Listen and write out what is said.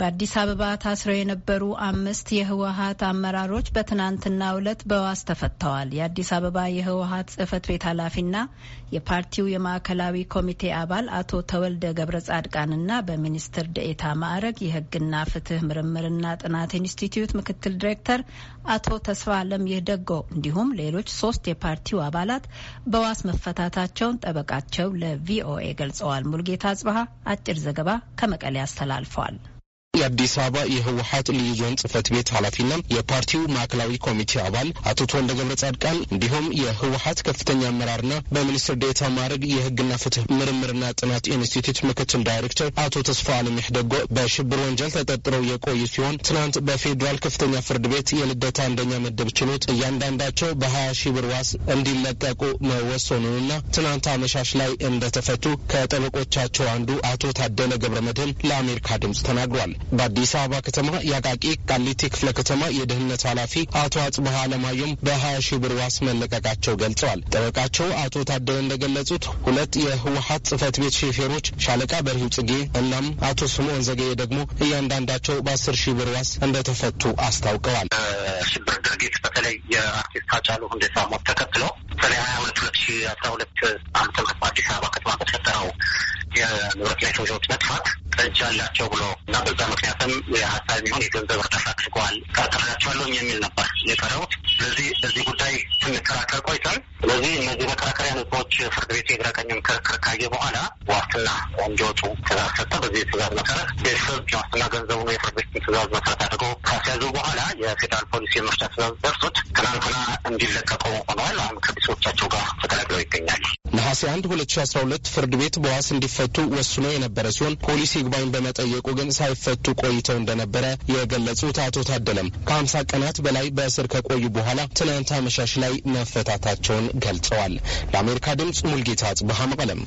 በአዲስ አበባ ታስረው የነበሩ አምስት የህወሀት አመራሮች በትናንትናው ዕለት በዋስ ተፈተዋል። የአዲስ አበባ የህወሀት ጽህፈት ቤት ኃላፊና የፓርቲው የማዕከላዊ ኮሚቴ አባል አቶ ተወልደ ገብረ ጻድቃንና በሚኒስትር ደኤታ ማዕረግ የህግና ፍትህ ምርምርና ጥናት ኢንስቲትዩት ምክትል ዲሬክተር አቶ ተስፋ አለም ይህደጎ እንዲሁም ሌሎች ሶስት የፓርቲው አባላት በዋስ መፈታታቸውን ጠበቃቸው ለቪኦኤ ገልጸዋል። ሙልጌታ ጽበሀ አጭር ዘገባ ከመቀሌ አስተላልፏል። የአዲስ አበባ የህወሀት ልዩ ዞን ጽህፈት ቤት ኃላፊና የፓርቲው ማዕከላዊ ኮሚቴ አባል አቶ ተወልደ ገብረ ጻድቃን እንዲሁም የህወሀት ከፍተኛ አመራርና በሚኒስትር ዴታ ማዕረግ የህግና ፍትህ ምርምርና ጥናት ኢንስቲትዩት ምክትል ዳይሬክተር አቶ ተስፋ አለሚህ ደጎ በሽብር ወንጀል ተጠርጥረው የቆዩ ሲሆን ትናንት በፌዴራል ከፍተኛ ፍርድ ቤት የልደታ አንደኛ መደብ ችሎት እያንዳንዳቸው በሀያ ሺህ ብር ዋስ እንዲለቀቁ መወሰኑንና ትናንት አመሻሽ ላይ እንደተፈቱ ከጠበቆቻቸው አንዱ አቶ ታደለ ገብረ መድህን ለአሜሪካ ድምጽ ተናግሯል። በአዲስ አበባ ከተማ የአቃቂ ቃሊቲ ክፍለ ከተማ የደህንነት ኃላፊ አቶ አጽበሃ አለማየሁም በሀያ ሺህ ብር ዋስ መለቀቃቸው ገልጸዋል። ጠበቃቸው አቶ ታደረ እንደገለጹት ሁለት የህወሀት ጽህፈት ቤት ሾፌሮች ሻለቃ በርሂው ጽጌ እናም አቶ ስምኦን ዘገየ ደግሞ እያንዳንዳቸው በአስር ሺህ ብር ዋስ እንደተፈቱ አስታውቀዋል። ሽብር ድርጊት በተለይ የአርቲስት ሃጫሉ ሁንዴሳ ሞት ተከትሎ በተለይ ሀያ ሁለት ሁለት ሺህ አስራ ሁለት አመተ ምህረት በአዲስ አበባ ከተማ በተፈጠረው የንብረት ላይ ሰዎች መጥፋት እጅ አላቸው ብሎ እና በዛ ምክንያትም የሀሳብ ይሁን የገንዘብ እርዳታ አድርገዋል ጠርጥሬያቸዋለሁ የሚል ነበር የቀረው። ስለዚህ በዚህ ጉዳይ ስንከራከር ቆይተን ስለዚህ እነዚህ መከራከሪያ ነጥቦች ፍርድ ቤት የግራ ቀኙን ክርክር ካየ በኋላ ዋስትና እንዲወጡ ትእዛዝ ሰጠ። በዚህ ትእዛዝ መሰረት ቤተሰብ ዋስትና ገንዘቡን የፍርድ ቤት ትእዛዝ መሰረት አድርገው ካስያዙ በኋላ የፌዴራል ፖሊስ የመፍቻ ትእዛዝ ደርሶት ትናንትና እንዲለቀቁ ሆነዋል። አሁን ከቤተሰቦቻቸው ጋር ተቀላቅለው ይገኛል። ነሐሴ 1 2012 ፍርድ ቤት በዋስ እንዲፈቱ ወስኖ የነበረ ሲሆን ፖሊስ ይግባኝ በመጠየቁ ግን ሳይፈቱ ቆይተው እንደነበረ የገለጹት አቶ ታደለም ከ50 ቀናት በላይ በእስር ከቆዩ በኋላ ትናንት አመሻሽ ላይ መፈታታቸውን ገልጸዋል። ለአሜሪካ ድምፅ ሙልጌታ አጽብሃ መቀለም